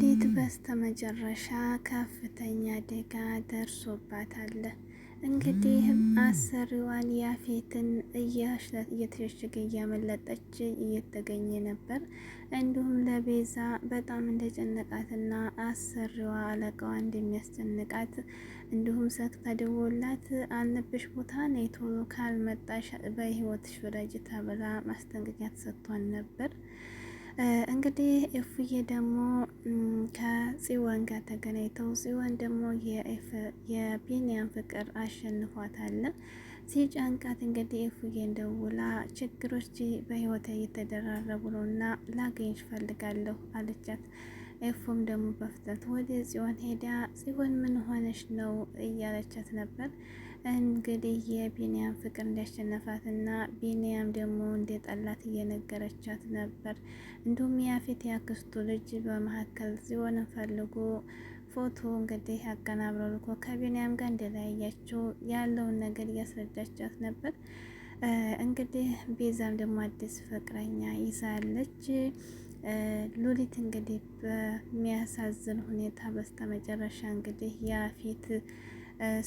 ሉሊት በስተመጨረሻ ከፍተኛ አደጋ ደርሶባታል። እንግዲህ አሰሪዋን ያፌትን እየተሸሸገ እያመለጠች እየተገኘ ነበር። እንዲሁም ለቤዛ በጣም እንደጨነቃትና አሰሪዋ አለቃዋ እንደሚያስጨንቃት እንዲሁም ሰክታ ደወላት አለብሽ ቦታ ነይ ቶሎ ካልመጣሽ በህይወትሽ ፍረጅ ተብላ ማስጠንቀቂያ ተሰጥቷን ነበር። እንግዲህ እፉዬ ደግሞ ከጽዋን ጋር ተገናኝተው ጽዋን ደግሞ የቢኒያን ፍቅር አሸንፏታል። ሲጫንቃት እንግዲህ እፉዬን ደውላ ችግሮች በህይወት እየተደራረቡ ነው እና ላገኝሽ ፈልጋለሁ አለቻት። ኤፉም ደግሞ በፍጥነት ወደ ጽዮን ሄዳ ጽዮን ምን ሆነሽ ነው እያለቻት ነበር። እንግዲህ የቢንያም ፍቅር እንዲያሸነፋት እና ቢንያም ደግሞ እንደጠላት እየነገረቻት ነበር። እንዲሁም ያፌት ያክስቱ ልጅ በመካከል ሲሆን ፈልጎ ፎቶ እንግዲህ አቀናብሮ ልኮ ከቢንያም ጋር እንደለያያቸው ያለውን ነገር እያስረዳቻት ነበር። እንግዲህ ቤዛም ደግሞ አዲስ ፍቅረኛ ይዛለች። ሉሊት እንግዲህ በሚያሳዝን ሁኔታ በስተመጨረሻ እንግዲህ ያፌት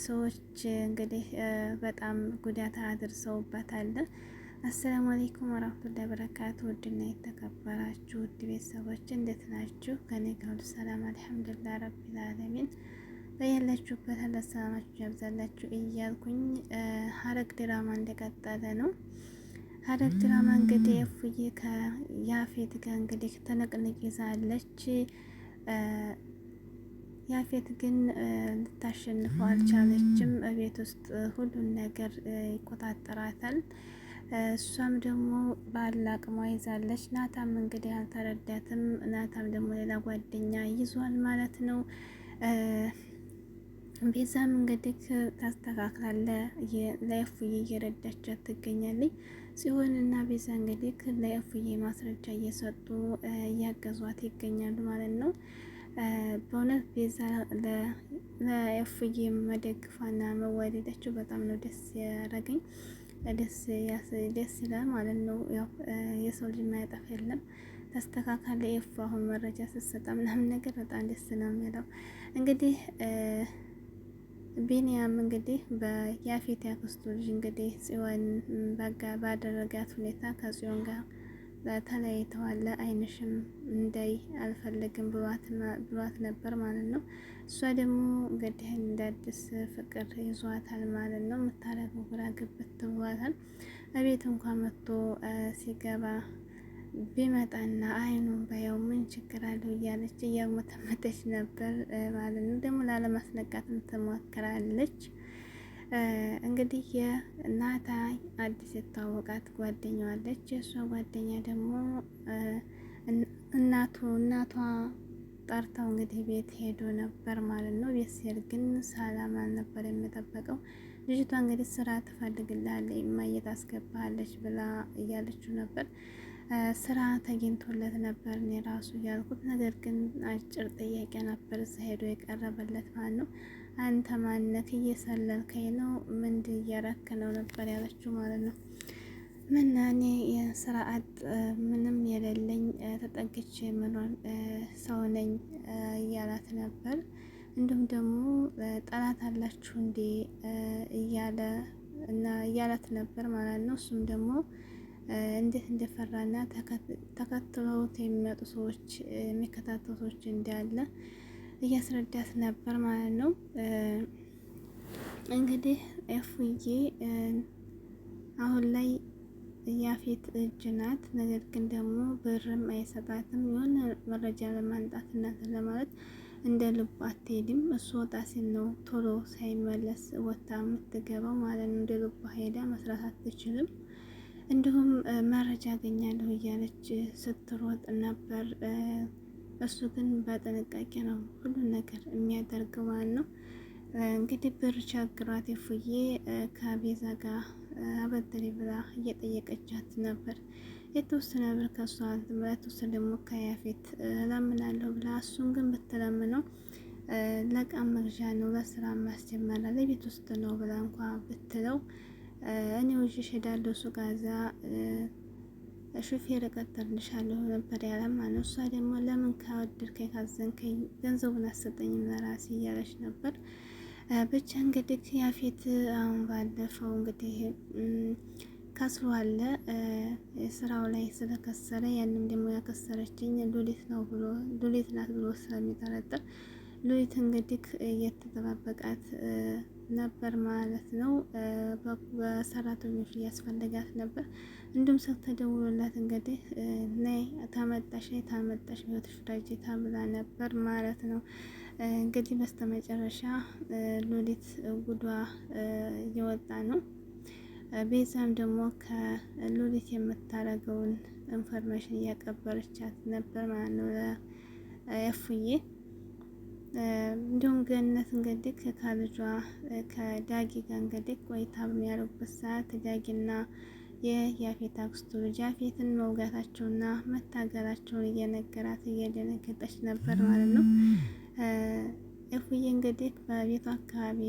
ሰዎች እንግዲህ በጣም ጉዳት አድርሰውበታል። አሰላሙ አለይኩም ወራህመቱላሂ ወበረካቱ። ውድና የተከበራችሁ ውድ ቤተሰቦች እንዴት ናችሁ? ከኔ ጋር ሰላም አልሐምዱሊላህ ረቢል ዓለሚን። በያላችሁበት አላህ ሰላማችሁ ያብዛላችሁ እያልኩኝ ሀረግ ድራማ እንደቀጠለ ነው። ሀረግ ድራማ እንግዲህ እፉዬ ከያፌት ጋር እንግዲህ ትንቅንቅ ይዛለች። ያፌት ግን ልታሸንፈው አልቻለችም። ቤት ውስጥ ሁሉን ነገር ይቆጣጠራታል። እሷም ደግሞ ባል አቅሟ ይዛለች። ናታም እንግዲህ አልተረዳትም። ናታም ደግሞ ሌላ ጓደኛ ይዟል ማለት ነው። ቤዛም እንግዲህ ታስተካክላለ ለእፉዬ እየረዳቻት ትገኛለች። ጽዮን እና ቤዛ እንግዲህ ለእፉዬ ማስረጃ እየሰጡ እያገዟት ይገኛሉ ማለት ነው። በእውነት ቤዛ ለእፉዬ መደግፏና መዋደዳቸው በጣም ነው ደስ ያደረገኝ። ደስ ይላል ማለት ነው። የሰው ልጅ ማያጠፍ የለም። ተስተካካለ ኤፍ አሁን መረጃ ስትሰጣ ምናምን ነገር በጣም ደስ ነው የሚለው እንግዲህ ቢንያም እንግዲህ በያፌት ያክስቱ ልጅ እንግዲህ ጽዮን ባደረጋት ሁኔታ ከጽዮን ጋር ተለያይተዋል። አይንሽም እንዳይ አልፈልግም ብሏት ነበር ማለት ነው። እሷ ደግሞ እንግዲህ እንዳዲስ ፍቅር ይዟታል ማለት ነው። የምታረገው ግራ ግብት ብሏታል። እቤት እንኳ መጥቶ ሲገባ ቢመጣና አይኑን ባየው ምን ችግር አለው እያለች እያሞተመተች ነበር ማለት ነው። ደግሞ ላለማስነቃትም ትሞክራለች። እንግዲህ የናታይ አዲስ የተዋወቃት ጓደኛዋለች። የእሷ ጓደኛ ደግሞ እናቱ እናቷ ጠርተው እንግዲህ ቤት ሄዶ ነበር ማለት ነው። ቤት ሲሄድ ግን ሰላም አልነበር የምጠበቀው። ልጅቷ እንግዲህ ስራ ትፈልግልሃለች፣ እማዬ ታስገባሃለች ብላ እያለችው ነበር ስራ ተገኝቶለት ነበር እኔ ራሱ ያልኩት። ነገር ግን አጭር ጥያቄ ነበር እዛ ሄዶ የቀረበለት ማለት ነው። አንተ ማነት እየሰለልከኝ ነው ምንድ እያረክ ነው ነበር ያለችው ማለት ነው። ምን እኔ የስርዓት ምንም የሌለኝ ተጠግቼ የምኖር ሰው ነኝ እያላት ነበር። እንዲሁም ደግሞ ጠላት አላችሁ እንዴ እያለ እና እያላት ነበር ማለት ነው። እሱም ደግሞ እንዴት እንደፈራና ተከትለውት የሚመጡ ሰዎች የሚከታተሉ ሰዎች እንዳለ እያስረዳት ነበር ማለት ነው። እንግዲህ ኤፍዬ አሁን ላይ ያፌት እጅ ናት። ነገር ግን ደግሞ ብርም አይሰጣትም። የሆነ መረጃ ለማንጣት እናትን ለማለት እንደ ልቡ አትሄድም። እሱ ወጣ ሲል ነው ቶሎ ሳይመለስ ወታ የምትገባው ማለት ነው። እንደ ልቡ ሄዳ መስራት አትችልም። እንዲሁም መረጃ አገኛለሁ እያለች ስትሮጥ ነበር። እሱ ግን በጥንቃቄ ነው ሁሉን ነገር የሚያደርገው ማለት ነው። እንግዲህ ብር ቸግሯት የፉዬ ከቤዛ ጋር አበደሪ ብላ እየጠየቀቻት ነበር። የተወሰነ ብር ከሷ የተወሰነ ደግሞ ከያፌት እለምናለሁ ብላ እሱን ግን ብትለምነው ለቃም መግዣ ነው ለስራ ማስጀመሪያ ለቤት ውስጥ ነው ብላ እንኳ ብትለው እኔ ውዥሽ ሄዳለሁ እሱ ጋዛ ሹፌር እቀጥርልሻለሁ ነበር ያለ ማለት ነው። እሷ ደግሞ ለምን ካወደድከኝ ካዘንከኝ ገንዘቡን አሰጠኝም ለራሴ እያለች ነበር። ብቻ እንግዲህ ያፌት አሁን ባለፈው እንግዲህ ከስሮ አለ ስራው ላይ ስለከሰረ ያንም ደግሞ ያከሰረችኝ ሉሊት ነው ብሎ ሉሊት ናት ብሎ ስለሚጠረጥር ሉሊት እንግዲህ እየተጠባበቃት ነበር ማለት ነው። በሰራተኞች እያስፈልጋት ነበር። እንዲሁም ሰው ተደውሎላት እንግዲህ ነይ ተመጣሽ ነይ ተመጣሽ ህይወትሽ ፍራጅ ነበር ማለት ነው። እንግዲህ በስተመጨረሻ ሉሊት ጉዷ እየወጣ ነው። ቤዛም ደግሞ ከሉሊት የምታረገውን ኢንፎርሜሽን እያቀበለቻት ነበር ማለት ነው ለእፉዬ እንዲሁም ገነት እንግዲህ ከካልጇ ከዳጊ ጋር እንግዲህ ቆይታ በሚያደርጉበት ሰዓት ዳጊና የያፌት አክስቱ ልጅ ያፌትን መውጋታቸውና መታገራቸውን እየነገራት እየደነገጠች ነበር ማለት ነው። እፉዬ እንግዲህ በቤቱ አካባቢ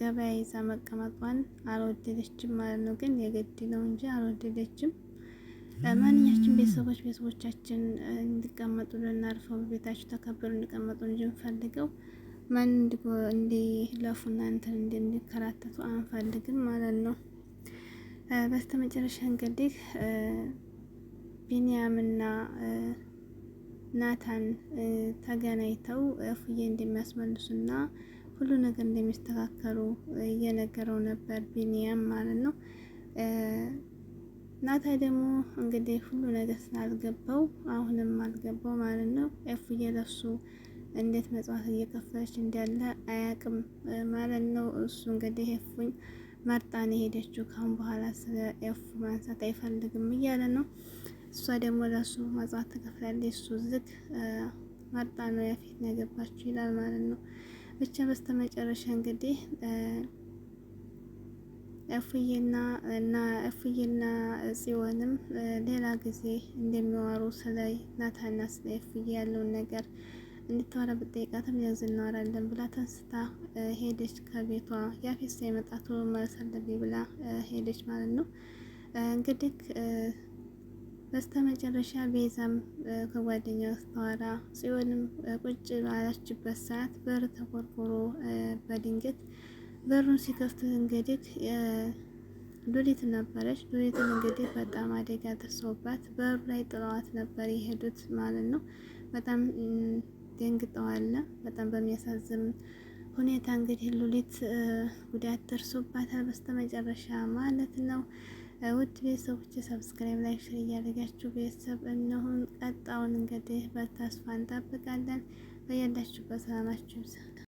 ገበያ ይዛ መቀመጧን አልወደደችም ማለት ነው። ግን የግድ ነው እንጂ አልወደደችም። ማንኛችን ቤተሰቦች ቤተሰቦቻችን እንዲቀመጡ ልናርፈው በቤታቸው ተከብረው እንዲቀመጡ እንጂ እንፈልገው ማን እንዲለፉ እንትን እንዲከራተቱ አንፈልግም ማለት ነው። በስተመጨረሻ እንግዲህ ቢንያምና ናታን ተገናኝተው እፉዬ እንደሚያስመልሱና ሁሉ ነገር እንደሚስተካከሉ እየነገረው ነበር ቢንያም ማለት ነው። ናታ ደግሞ እንግዲህ ሁሉ ነገር ስላልገባው አሁንም አልገባው ማለት ነው። ኤፉዬ ለሱ እንዴት መጽዋት እየከፈለች እንዳለ አያቅም ማለት ነው። እሱ እንግዲህ ኤፉኝ መርጣን የሄደችው ካሁን በኋላ ስለ ኤፉ ማንሳት አይፈልግም እያለ ነው። እሷ ደግሞ ለሱ መጽዋት ትከፍላለች፣ እሱ ዝግ መርጣ ነው ያፊት ነው የገባችው ይላል ማለት ነው። ብቻ በስተመጨረሻ እንግዲህ እፍዬና እና እፉዬና ጽዮንም ሌላ ጊዜ እንደሚዋሩ ስለ ናታና ስለ እፍዬ ያለውን ነገር እንድታወራ ብጠይቃትም ያዝ እናወራለን ብላ ተንስታ ሄደች ከቤቷ። ያፌት ሳይመጣ ቶሎ አለብኝ ብላ ሄደች ማለት ነው። እንግዲህ በስተመጨረሻ ቤዛም ከጓደኛ ስታወራ፣ ጽዮንም ቁጭ ባለችበት ሰዓት በር ተቆርቁሮ በድንገት በሩን ሲከፍት እንግዲህ ዱሪት ነበረች። ዱሪትን እንግዲህ በጣም አደጋ ደርሶባት በሩ ላይ ጥለዋት ነበር የሄዱት ማለት ነው። በጣም ደንግጠዋል። በጣም በሚያሳዝን ሁኔታ እንግዲህ ሉሊት ጉዳት ደርሶባታል በስተመጨረሻ ማለት ነው። ውድ ቤተሰቦች ሰብስክራይብ ላይ ሽር እያደረጋችሁ ቤተሰብ እነሆን ቀጣውን እንግዲህ በተስፋ እንጠብቃለን። በያላችሁበት ሰላማችሁ ይብዛል።